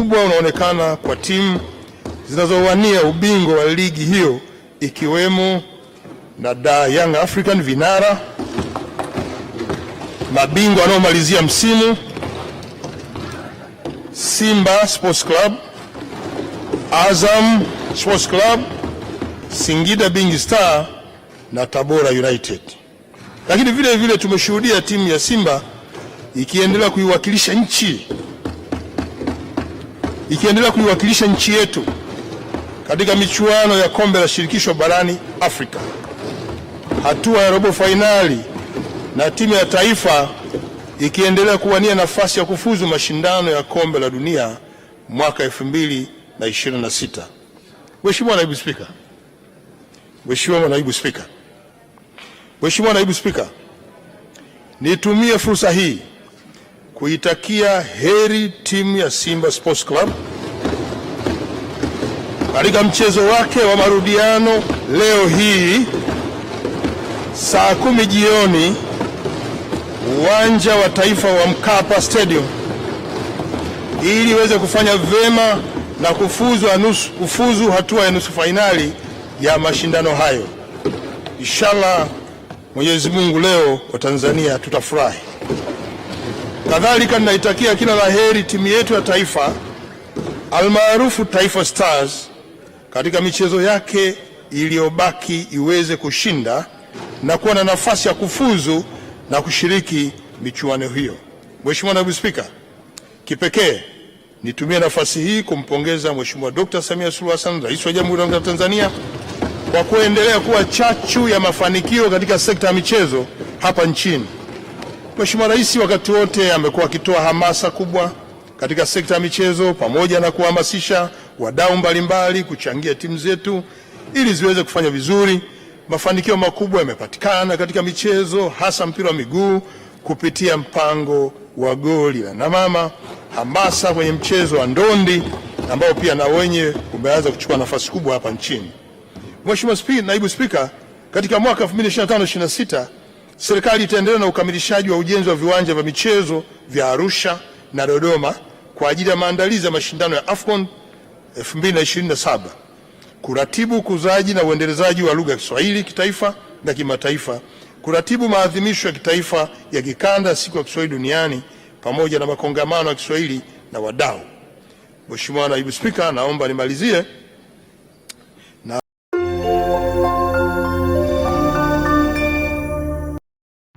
mkubwa unaonekana kwa timu zinazowania ubingwa wa ligi hiyo ikiwemo na da Young African vinara, mabingwa wanaomalizia msimu Simba Sports Club, Azam Sports Club, Singida Big Star na Tabora United. Lakini vile vile tumeshuhudia timu ya Simba ikiendelea kuiwakilisha nchi ikiendelea kuiwakilisha nchi yetu katika michuano ya kombe la shirikisho barani Afrika, hatua ya robo fainali, na timu ya taifa ikiendelea kuwania nafasi ya kufuzu mashindano ya kombe la dunia mwaka 2026. Mheshimiwa Naibu Spika. Mheshimiwa Naibu Spika. Mheshimiwa Naibu Spika, nitumie fursa hii kuitakia heri timu ya Simba Sports Club katika mchezo wake wa marudiano leo hii saa kumi jioni uwanja wa taifa wa Mkapa Stadium ili iweze kufanya vyema na kufuzu, anusu, kufuzu hatua ya nusu fainali ya mashindano hayo. Inshallah Mwenyezi Mungu, leo tanzania tutafurahi. Kadhalika ninaitakia kila la heri timu yetu ya taifa almaarufu Taifa Stars katika michezo yake iliyobaki iweze kushinda na kuwa na nafasi ya kufuzu na kushiriki michuano hiyo. Mheshimiwa Naibu Spika, kipekee nitumie nafasi hii kumpongeza Mheshimiwa Dkt. Samia Suluhu Hassan, Rais wa Jamhuri ya Muungano wa Tanzania kwa kuendelea kuwa chachu ya mafanikio katika sekta ya michezo hapa nchini. Mheshimiwa Rais wakati wote amekuwa akitoa hamasa kubwa katika sekta ya michezo pamoja na kuhamasisha wadau mbalimbali kuchangia timu zetu ili ziweze kufanya vizuri. Mafanikio makubwa yamepatikana katika michezo hasa mpira wa miguu kupitia mpango wa goli la na mama, hamasa kwenye mchezo wa ndondi ambao pia na wenye umeanza kuchukua nafasi kubwa hapa nchini. Mheshimiwa Naibu Spika, katika mwaka 2025/26 Serikali itaendelea na ukamilishaji wa ujenzi wa viwanja vya michezo vya Arusha na Dodoma kwa ajili ya maandalizi ya mashindano ya AFCON 2027, kuratibu ukuzaji na uendelezaji wa lugha ya Kiswahili kitaifa na kimataifa, kuratibu maadhimisho ya kitaifa ya kikanda, siku ya Kiswahili duniani pamoja na makongamano ya Kiswahili na wadau. Mheshimiwa Naibu Spika, naomba nimalizie